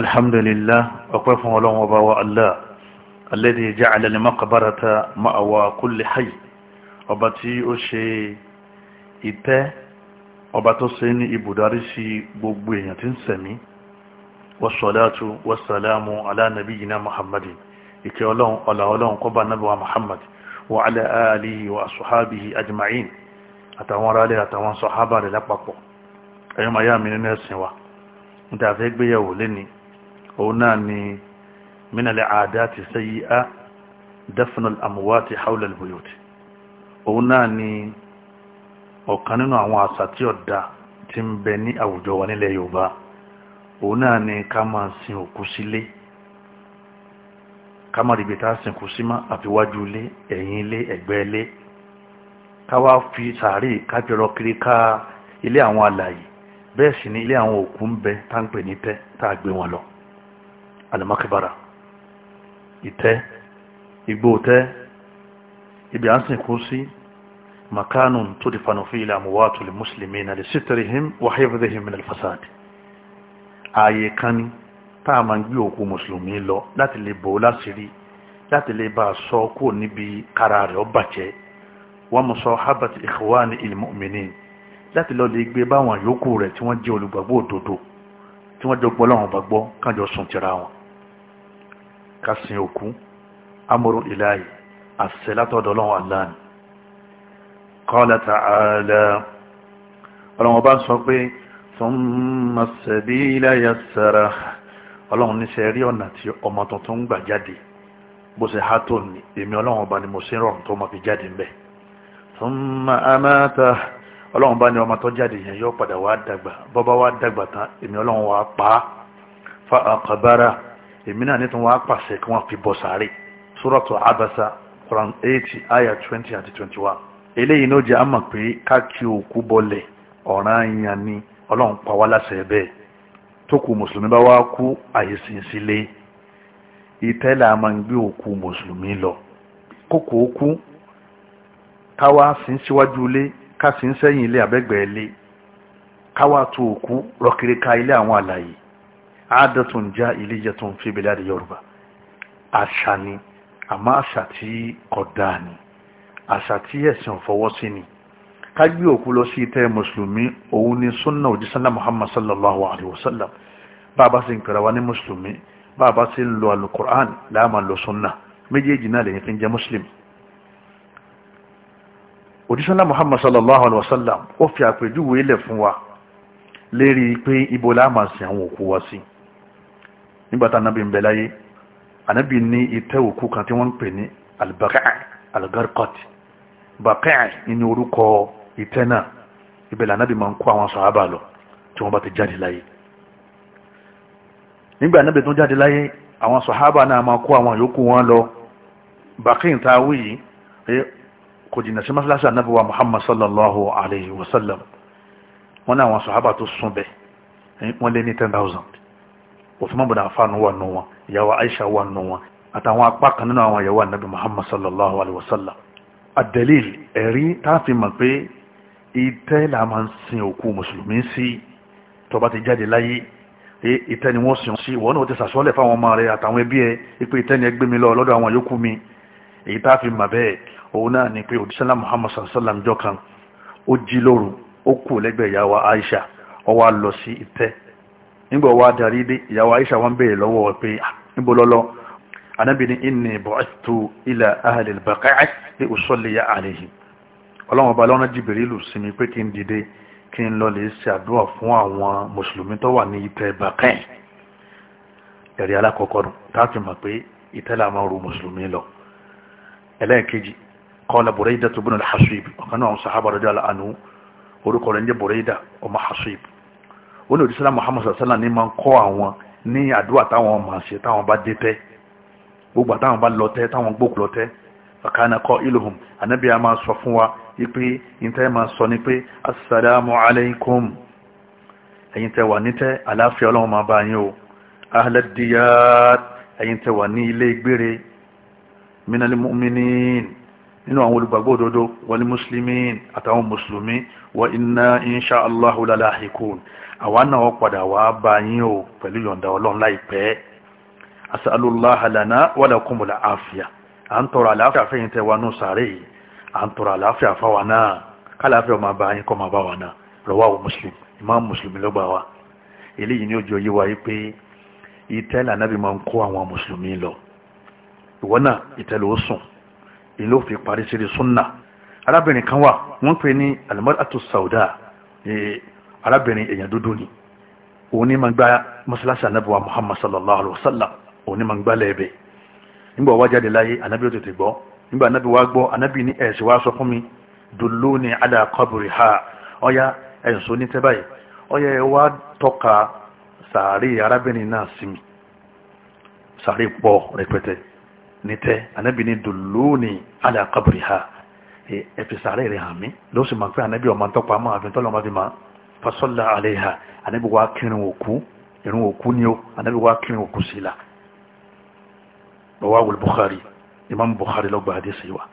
alhamdulillah ọpẹ́ fún ọlọ́run ọba wa allah alladhi ja'ala al-maqbarata ma'wa kulli hayy ọba tí ó ṣe ìtẹ́ ọba tó ṣe ní ibùdarí sí gbogbo èèyàn tí ń sẹ̀mí wassalatu wassalamu ala nabiyyina muhammadin ìkẹ́ ọlọ́run ọlá ọlọ́run kó bá nábì wa muhammad wa ala alihi wa asuhabihi ajma'in àtàwọn aráàlẹ́ àtàwọn sọ̀hábà rẹ̀ lápapọ̀ ẹ̀yọ́ yá mi nínú ẹ̀sìn wa níta gbéyàwó lénìí òun náà ni mínàlẹ̀ àdáti sayyi'a dafnul amuwaati hawlal buyuti òun náà ni ọ̀kan nínú àwọn àṣà tí ọ̀dà ti ń bẹ ní àwùjọ wa nílẹ̀ yorùbá òun náà ni ká máa sin òkú sílé ká má ríbi tá a sìnkú sí má àfiwájú ilé ẹ̀yìn ilé ẹ̀gbẹ́ ilé ká wá fi sàárè ká fi rọ kiri ká ilé àwọn alàyè bẹ́ẹ̀ sì ni ilé àwọn òkú ń bẹ tá ń pè ní tẹ́ tá a gbé wọn lọ alimakibara ìtẹ́ igbó tẹ́ ibi à ń sìnkú sí makanu tó di fanufin ilẹ̀ àmúwàtò lè mùsùlùmí na lè sítẹ̀rì him wà hẹ́fẹ́dẹ́ him nílẹ̀ fasadi ààyè kan ní tá a máa ń gbé òkú mùsùlùmí lọ láti lè bò ó láṣìírí láti lè bá a sọ kúrò níbi kára rẹ̀ ó bàjẹ́ wọ́n mú sọ habat ikhwani ilmu'minin láti lọ lè gbé báwọn yòókù rẹ̀ tí wọ́n jẹ́ olùgbàgbọ́ òdodo tí wọ́n jọ gbọ́ lọ́wọ́n bá ká sin òkú amúrú ìláyì àṣẹ látọ̀dọ̀ ọlọ́run aláàni qala ta'ala ọlọ́run bá ń sọ pé thumma as-sabila yassara ọlọ́run níṣẹ́ rí ọ̀nà tí ọmọ tuntun ń gbà jáde bó ṣe há tó ní èmi ọlọ́run ni mo ṣe ń rọrùn tó fi jáde ńbẹ̀ thumma amata ọlọ́run bá ní ọmọ tó jáde yẹn yóò padà wá dàgbà bọ́bá wá dàgbà tán èmi ọlọ́run wá pa fa aqbara èmi náà nítorí wọn á kí fi sáré suratu abasa quran eighty aya twenty àti twenty one eléyìí ló jẹ́ àmọ̀ pé káàkiri òkú ni ọlọ́run pa wá láṣẹ bẹ́ẹ̀ tó kù mùsùlùmí bá wá kú a máa ń oku òkú mùsùlùmí lọ kókò òkú káwá sí ń síwájú ilé ká sí ń ilé àbẹ́gbẹ̀ẹ́ ilé káwá tó òkú ilé àwọn àlàyé adatun jahiliyatun fi biladi yorùbá àṣà ni àmọ́ àṣà tí kódà ni àṣà tí ẹ̀sìn ò fọwọ́ sí ni ká gbé òkú lọ sí ìtẹ́ mùsùlùmí òun ni sunna òjísánná muhammad sallallahu alaihi wasallam. sallam bá a bá sì ń pèrè wa ní mùsùlùmí bá sì ń lo alukur'an láàmà lo sunna méjèèjì náà lèyìn fi ń jẹ́ mùsùlùmí òjísánná muhammad sallallahu alaihi wasallam, sallam ó fi àpèjúwe ilẹ̀ fún wa lérí pé ibo láàmà sí àwọn òkú wa sí i nígbàtà anábì ń bẹ láyé anábì ní ìtẹ́ òkú kan tí wọ́n ń pè ní albaqi' algarqat baqi' ní orúkọ ìtẹ́ náà ibẹ̀ lànàbì máa ń kó àwọn sàhábà lọ tí wọ́n bá ti jáde láyé nígbà anábì tó jáde láyé àwọn sàhábà náà máa kó àwọn yòókù wọn lọ baqi' ń ta wí yìí kò jìnnà sí masalasi anábì wa muhammad sallallahu alayhi wa sallam wọn náà àwọn sàhábà tó sún bẹ wọn lé ní ten thousand Usman bin Affan wà nù wọn ìyàwó Aisha wà nù wọn àtàwọn apá kan nínú àwọn ìyàwó anabi Muhammad sallallahu alayhi wa sallam adelil ẹ̀rí táàfin mọ̀ pé ìtẹ́ là máa ń sin òkú mùsùlùmí sí tó bá ti jáde láyé ìtẹ́ ni wọ́n sin sí wọ́n náà ti sàsọ́lẹ̀ fáwọn ọmọ rẹ̀ àtàwọn ẹbí ẹ pé ìtẹ́ ni ẹ gbé mi lọ lọ́dọ̀ àwọn yòókù mi èyí táàfin mọ̀ bẹ́ẹ̀ òun náà ni pé òdìsánlá Muhammad sallam jọ kan ó jí lóru ó kù lẹ́gbẹ̀ẹ́ ìyàwó Aisha ó wá lọ sí ìtẹ́ nígbà wá darí dé ìyàwó Aisha wọn bèèrè lọ́wọ́ pé ah, níbo lọ́lọ́ anábì ní inni bu'ithtu ila ahli al-baqi' li usalli alayhim ọlọ́run ọba lọ́nà Jibrilu sí mi pé kí n dìde kí n lọ lè ṣe àdúrà fún àwọn mùsùlùmí tó wà ní ìtẹ́ Baqi' ẹ̀rí alákọ̀ọ́kọ́ nù láti mọ̀ pé ìtẹ́ là ru mùsùlùmí lọ ẹlẹ́ẹ̀kejì qala Buraydatu ibn al ó ní òdìsílá muhammed sàlá ní máa ń kọ́ àwọn ní àdúrà táwọn máa ṣe táwọn bá dé tẹ́ gbogbo àtàwọn bá lọ tẹ́ táwọn gbókù lọ tẹ́ fàkànà kọ́ ilhum ànábì a máa sọ fún wa pé ìtẹ́ máa sọ ni pé assalamu alaikum ẹ̀yin tẹ́ wà nítẹ́ àláfíà ọlọ́run máa bá yín o ahlẹ́dìyà ẹ̀yin tẹ́ wà ní ilé gbére minal mu'minin nínú àwọn olùgbàgbọ́ òdodo wal muslimin àtàwọn mùsùlùmí wa inna insha allahu lalahikun àwa náà wọ́n padà wá bá yín o pẹ̀lú yọ̀ǹda ọlọ́run láìpẹ́ as'alullaha lana wa lakumul afiya à ń tọrọ àlàáfíà fẹ́yìn tẹ́ wa nù sàárè yìí à ń tọrọ àlàáfíà fáwa náà kálàáfíà ọmọ bá yín kọ́ máa bá wa náà rawahu muslim imam mùsùlùmí ló gbà wá eléyìí ni ó ìlú fi parí sírí súnà arábìnrin kan wà wọ́n pè ní alimọ́tò sauda arábìnrin èèyàn dúdú ni òun ní ma gba masalasi anabi wa muhammad sallallahu alaihi wa sallam òun ní ma gba lẹ́ẹ̀bẹ̀ nígbà wá jáde láyé anabi ó tètè gbọ́ nígbà anabi wá gbọ́ anabi ní ẹ̀sìn wá sọ fún mi dùlú ni ala kọbùrì ha ọya ẹ̀sùn ní tẹ́ báyìí ọya wá tọ́ka sàárè arábìnrin náà sí mi sàárè pọ̀ rẹpẹtẹ nítẹ́ anabi ní dùlúùnì ala qabriha ẹ fi sàárẹ̀ rẹ̀ hàn mí ló sì máa ń pẹ́ anabi ọmọ tó pamọ́ àfi tọ́lọ́ ọmọ fi máa fasọ́lá alayha anabi wa kírun òkú irun òkú ni ó anabi wa kírun òkú sí la rawahu Bukhari imam Bukhari ló gba hadisi wa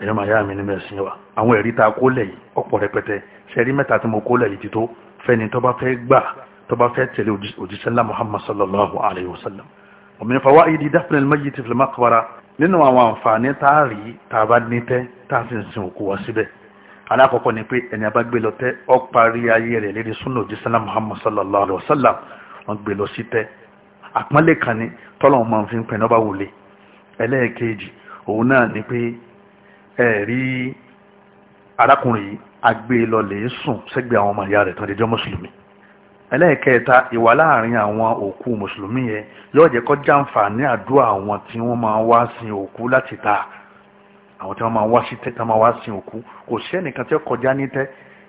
ẹ̀yọ́ màá yá mi ní mẹ́sìn wa àwọn ẹ̀rí tá a kó lẹ̀ yìí ọ̀pọ̀ rẹpẹtẹ ṣẹ́rí mẹ́ta mo kó lẹ̀ yìí ti tó fẹ́ni tó bá fẹ́ gbà tó bá fẹ́ tẹ̀lé òjíṣẹ́ ńlá Muhammad sallallahu alayhi wa sallam min fawaidi dafn al-mayyit fi al-maqbara nínú àwọn àǹfààní tá a rí tá a bá ní tẹ́ tá a fi sin òkú wá síbẹ̀ alákọ̀ọ́kọ́ ni pé ẹni abá gbé lọ tẹ́ ọ parí ayé rẹ̀ lérí súnà òjísánná muhammad sallallahu alayhi wa sallam wọn gbé lọ sí tẹ́ àpọ́nlé kan ní tọ́lọ́wọ́n máa fi ń pẹ́ ẹlẹ́ẹ̀kẹta ìwà láàrin àwọn òkú mùsùlùmí yẹn yóò jẹ́ kó jàǹfààní àdúrà àwọn tí wọ́n máa wá sin òkú láti ta àwọn tí wọ́n máa wá sí tẹ́ tí wọ́n máa wá sin òkú kò sí ẹnìkan tí ó kọjá ní tẹ́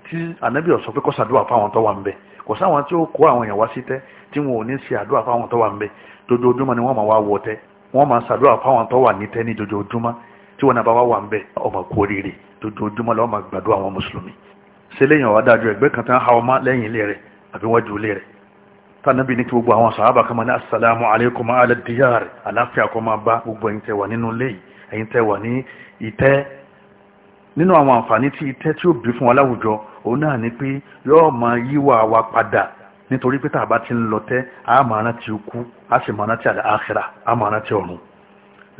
tí ànábì ó sọ pé kó ṣàdúrà fáwọn tó wà ń bẹ kò sáwọn tí ó kó àwọn èèyàn wá sí tẹ́ tí wọn ò ní ṣe àdúrà fáwọn tó wà ń bẹ dojoojúmọ́ ni wọ́n máa wá wọ tẹ́ wọ́n máa ṣàdúrà fáwọn tó wà ní tẹ́ ní dojoojúmọ́ tí wọn náà bá wá wà ń bẹ ọmọ kú oríire dojoojúmọ́ lọ́wọ́ máa gbàdúrà àwọn mùsùlùmí ṣe lẹ́yìn ọ̀wá dájú ẹgbẹ́ kan tán ha ọmọ lẹ́yìn ilé rẹ̀ àbí wọ́n jùlé rẹ̀ tánàbí ní kí gbogbo àwọn sàábà kama ní assalamu alaikum ala diyar aláfíà kọ́ máa bá gbogbo ẹ̀yin tẹ́ wà nínú ilé ẹ̀yin tẹ́ wà ní ìtẹ́ nínú àwọn àǹfààní tí ìtẹ́ tí ó bí fún aláwùjọ ni pé yóò máa yíwà wa padà nítorí pé tàbá ti ń lọ tẹ́ a máa rántí ikú a sì máa rántí àkhírà a máa rántí ọ̀run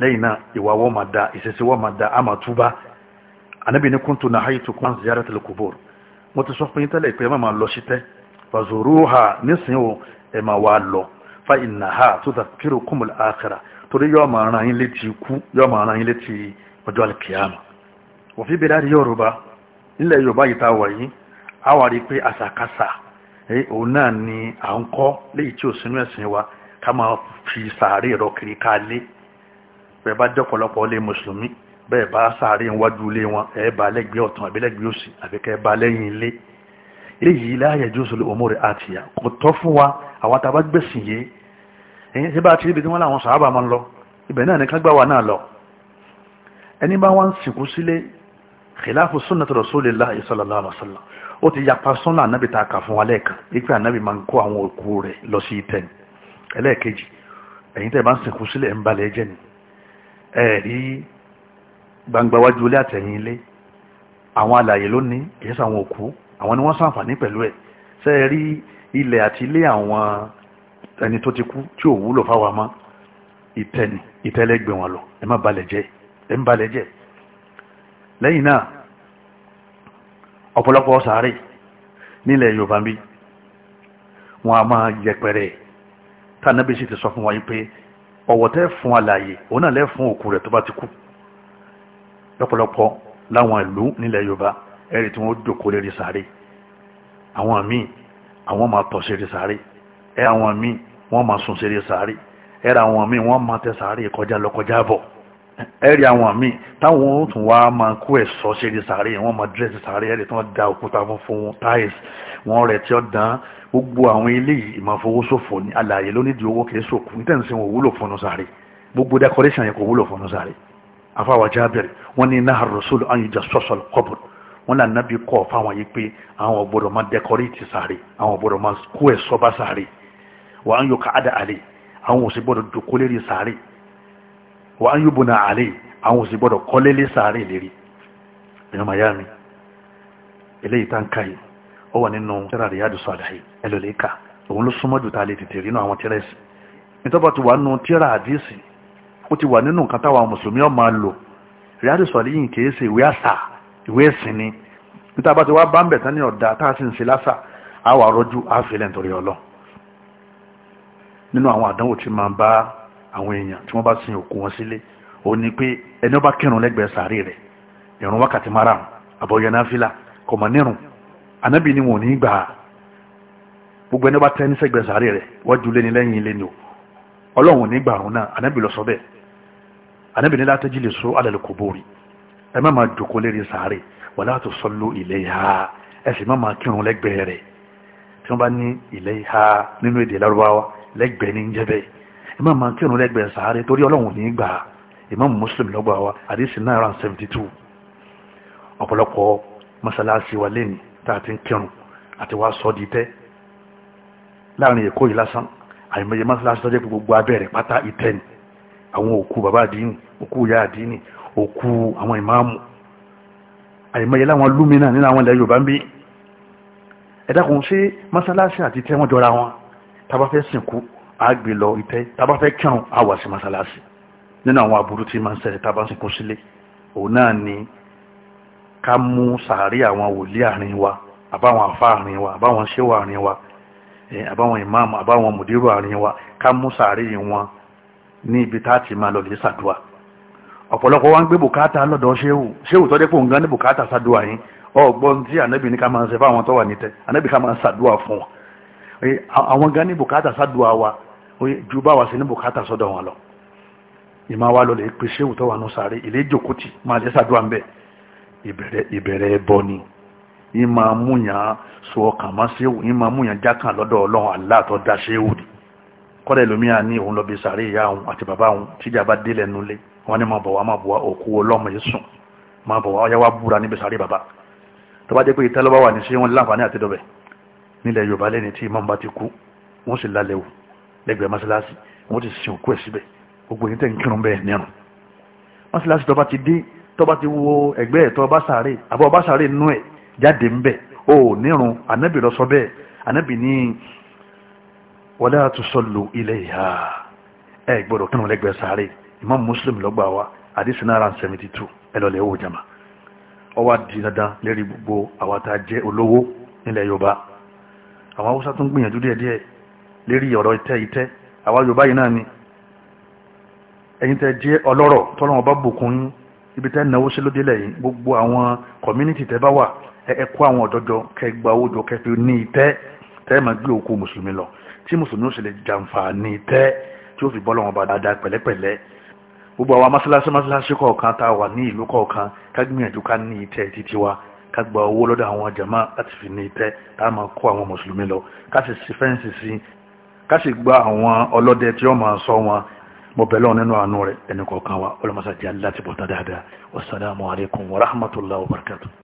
lẹ́yìn náà ìwà wọ́n máa da ìṣesí wọ́n máa da a máa túbá anábì ní kuntu nahaytukum an ziyaratil kubor, mo ti sọ fún yín tẹ́lẹ̀ pé ẹ má máa lọ sí tẹ́ wàzùrúhà nísìnyí o ẹ lọ fa ìnáhà tó tàkìrò kùmùl àkàrà torí yóò máa ràn yín létí ikú yóò máa ràn yín létí ọjọ́ alkiyama wọ́n fi bẹ̀rẹ̀ àdé yorùbá nílẹ̀ yorùbá yìí tá a wà yìí a wà rí i pé àṣàkáṣà òun náà ni à ń kọ́ léyìí tí ò sínú ẹ̀sìn wa ká máa fi sàárè rọ kiri ká lé bẹ́ẹ̀ bá dọ́pọ̀lọpọ̀ ilé mùsùlùmí bẹ́ẹ̀ bá sàárè wájú ilé wọn ẹ̀ bá lẹ́gbẹ̀ẹ́ ọ̀tún àbí lẹ́gbẹ̀ẹ́ òsì àbí kẹ́ bá lẹ́yìn ilé èyí láàyè jùsùlù òmùrè àtìyà kò tọ́ fún wa àwọn tàbá gbẹ̀sìn yé èyí tí bá ti ibi tí wọ́n láwọn sàábà máa ń lọ ibẹ̀ náà ní kágbà wà náà lọ ẹni bá wọ́n sìnkú sílé khilafu sunnati rasulillahi sallallahu alaihi wasallam ó ti yapa súnà ànábì ta kà fún wa lẹ́ẹ̀kan ipe ànábì máa ń kó ni ẹ̀rí gbangba wájú ilé àtẹ̀yìn ilé àwọn alàyè lónìí kìí àwọn ni wọ́n sàǹfààní pẹ̀lú ẹ̀ ṣe é rí ilẹ̀ àti ilé àwọn ẹni tó ti kú tí ò wúlò fáwọn ọmọ ìtẹ̀ni ìtẹ́lẹ́gbẹ̀ wọn lọ ẹ má balẹ̀ jẹ́ ẹ ń balẹ̀ jẹ́ lẹ́yìn náà ọ̀pọ̀lọpọ̀ sàárè nílẹ̀ Yorùbá bí wọn a máa yẹpẹrẹ tànàbí sì ti sọ fún wa yìí pé ọ̀wọ̀ tẹ́ fún alààyè òun náà lẹ́ fún òkú rẹ̀ tó bá ti kú lọ́pọ̀lọpọ̀ láwọn ìlú nílẹ̀ Yorùbá ẹ̀rì tí wọ́n dòkó lérí sáré àwọn míì àwọn máa tọ̀ ṣeré sáré ẹ àwọn míì wọ́n máa sùn ṣeré sáré ẹ̀rì àwọn míì wọ́n máa tẹ sáré kọjá lọ kọjá bọ̀ ẹ̀rì àwọn míì táwọn ó tún wá máa kó ẹ̀sọ́ ṣeré sáré wọ́n máa dírẹ́sì sáré ẹ̀rì tí wọ́n da òkúta fún fún táìs wọn rẹ̀ tí ó dán gbogbo àwọn eléyìí ìmọ̀fowóṣòfò ní alàyè lónídìí owó kìí sòkù nítẹ̀síwọ̀n òwúlò fún sáré gbogbo rasul an yujassas al wọn là nàbí kọ́ fáwọn yìí pé àwọn ọ̀gbọ́dọ̀ máa dẹkọrẹ́tì sáré àwọn ọ̀gbọ́dọ̀ máa kó ẹ̀ sọ́ba sáré wà á ń yọ káàdà àlè àwọn òsì gbọ́dọ̀ dòkólérí sáré wà á ń yọ̀bùnà àlè àwọn òsì gbọ́dọ̀ kọ́lélé sáré lérí ẹ̀rọ mayami eléyìí tá ń ka yìí ó wà nínú tẹ́rà Riyadu Salihin ẹ lọ lè ka òun ló súnmọ́ jù tá a lè tètè rí nínú àwọn tẹ́rà ẹ̀sìn ìwé ẹ̀sìn ni níta bá ti wá bá ń bẹ̀ tán ní ọ̀dà tá a sì ń ṣe lásà á wà rọ́jú á fi lẹ́ nítorí ọlọ́ nínú àwọn àdánwò tí máa ń bá àwọn èèyàn tí wọ́n bá sin òkú wọn sílé òun ni pé ẹni ó bá kírun lẹ́gbẹ̀ẹ́ sàárè rẹ̀ ìrun wákàtí márùn-ún àbọ̀yọ náfìlà kọ̀mọ̀ nírun ànábì ni wọn ò ní gbà á gbogbo ẹni bá tẹ́ ní sẹ́gbẹ̀ẹ́ sàárè rẹ̀ wájú lé ní lẹ́yìn ilé o ọlọ́run ò ní gbà àrùn náà ànábì lọ sọ bẹ́ẹ̀ ànábì ní látẹ́jì lè so alẹ́ lè kò bórí ẹ má máa jòkó lérí sàárè wala tusallu ilayha ẹ sì má máa kírun lẹ́gbẹ̀ẹ́ rẹ̀ tí wọ́n bá ní ilayha nínú èdè lárúbáwá lẹ́gbẹ̀ẹ́ ní jẹ́bẹ̀ ẹ má máa kírun lẹ́gbẹ̀ẹ́ sàárè torí ọlọ́run ní gbà Imam Muslim lọ́gbà wa àdìsí náà ràn seventy two ọ̀pọ̀lọpọ̀ mọ́sálásí wa lẹ́ni tá a ti ń kírun àti wá sọ di tẹ́ láàrin èkó yìí lásán àyìnbẹ̀yẹ mọ́sálásí tó jẹ́ gbogbo abẹ́rẹ́ pátá ìtẹ́ni àwọn òkú bàbá àdínì òkú ìyá àdínì òkú àwọn ìmáàmù àìmọye láwọn lúmínà nínú àwọn ilẹ̀ Yorùbá ń bí ẹ̀dàkùn sí mọ́sálásí àti tẹ́ wọ́n jọra wọn tá bá fẹ́ sìnkú àgbè lọ ìtẹ́ tá fẹ́ kírun àwà sí mọ́sálásí nínú àwọn aburú tí máa ń ṣẹlẹ̀ tá sìnkú sílé òun náà ni ká mú sàárì àwọn wòlíì àárín wa àbáwọn àfa àárín wa àbáwọn ṣéwà àárín wa àbáwọn ìmáàmù àbáwọn mùdírù àárín wa ká mú sàárì wọn ní ibi tá a ti máa lọ lè ṣàdúrà ọ̀pọ̀lọpọ̀ wa ń gbé bùkátà lọ́dọ̀ ṣéwù ṣéwù tọ́jú pé òun gan ní bùkátà ṣàdúrà yín ọgbọ́n tí ànábì ní ká máa ń ṣe fáwọn tó wà nítẹ̀ ànábì ká máa ń ṣàdúrà fún wọn àwọn gan ní bùkátà ṣàdúrà wa ju bá wa sí ní bùkátà sọ́dọ̀ wọn lọ ìmọ̀ wa lọlẹ̀ pé ṣéwù tó wà nù sáré ilé ìjòkútì máa jẹ́ ṣàdúrà ń bẹ̀ ìbẹ̀rẹ̀ ẹbọ ni ìmọ̀ amúyàn sọ ọkàn má ṣéwù ìmọ̀ amúyàn ni kọ́dẹ̀ lómi à ní òun lọ wọ́n ní máa bọ̀ wá máa bọ̀ wá òkú ọlọ́mọ yìí sùn máa bọ̀ wá ọyá wá búra níbi sàárè bàbá tó bá jẹ́ pé ìtẹ́ lọ́wọ́ wà ní sí wọn láǹfààní àti dọ̀bẹ̀ nílẹ̀ yorùbá lẹ́ni tí imam bá ti kú wọ́n sì lálẹ́ wò lẹ́gbẹ̀ẹ́ mọ́sálásí wọ́n ti sin òkú ẹ̀ síbẹ̀ gbogbo yìí tẹ̀ ń kírun bẹ́ẹ̀ nírun mọ́sálásí tó ti dé tó ti wo ẹ̀gbẹ́ ẹ̀ tó bá sàárè àbọ̀ bá nú ẹ̀ jáde ń ó nírun ànábì lọ sọ bẹ́ẹ̀ ànábì ní wala tusallu ilayha ẹ̀ gbọ́dọ̀ kírun lẹ́gbẹ̀ẹ́ sàárè imam muslim ló gbà wá àdìsí náà ra seventy two ẹ lọ lè wò jama ó wá di dandan lérí gbogbo àwa tá a jẹ́ olówó nílẹ̀ yorùbá àwọn haúsá tún gbìyànjú díẹ̀díẹ̀ lérí ọ̀rọ̀ ìtẹ́ ìtẹ́ àwa yorùbá yìí náà ni ẹ̀yin tẹ́ jẹ́ ọlọ́rọ̀ tọ́lọ́run bá bùkún yín ibi tẹ́ náwó sí lóde lẹ́yìn gbogbo àwọn community tẹ́ bá wà ẹ kó àwọn ọ̀dọ́jọ kẹ́ gba owó jọ kẹ́ fi ní ìtẹ́ tẹ́ máa gbé òkú mùsùlùmí lọ tí mùsùlùmí ó sì lè jàǹfààní ìtẹ́ tí ó fi bọ́ lọ́wọ́ dáadáa pẹ̀lẹ́pẹ̀lẹ́ gbogbo àwa mọ́sálásí mọ́sálásí kọ̀ọ̀kan tá a wà ní ìlú kọ̀ọ̀kan ká gbìyànjú ká ní ìtẹ́ títí wa ká gba owó lọ́dọ̀ àwọn jama láti fi ní ìtẹ́ tá a máa kó àwọn mùsùlùmí lọ ká sì sí fẹ́ǹsì sí i ká sì gba àwọn ọlọ́dẹ tí wọ́n máa sọ wọn mo bẹ̀lọ́ nínú àánú rẹ̀ ẹnì kọ̀ọ̀kan wa ọlọ́mọṣáájú aláàtìbọ̀tán dáadáa wasalaamualeykum wa rahmatulahi wa barakatu.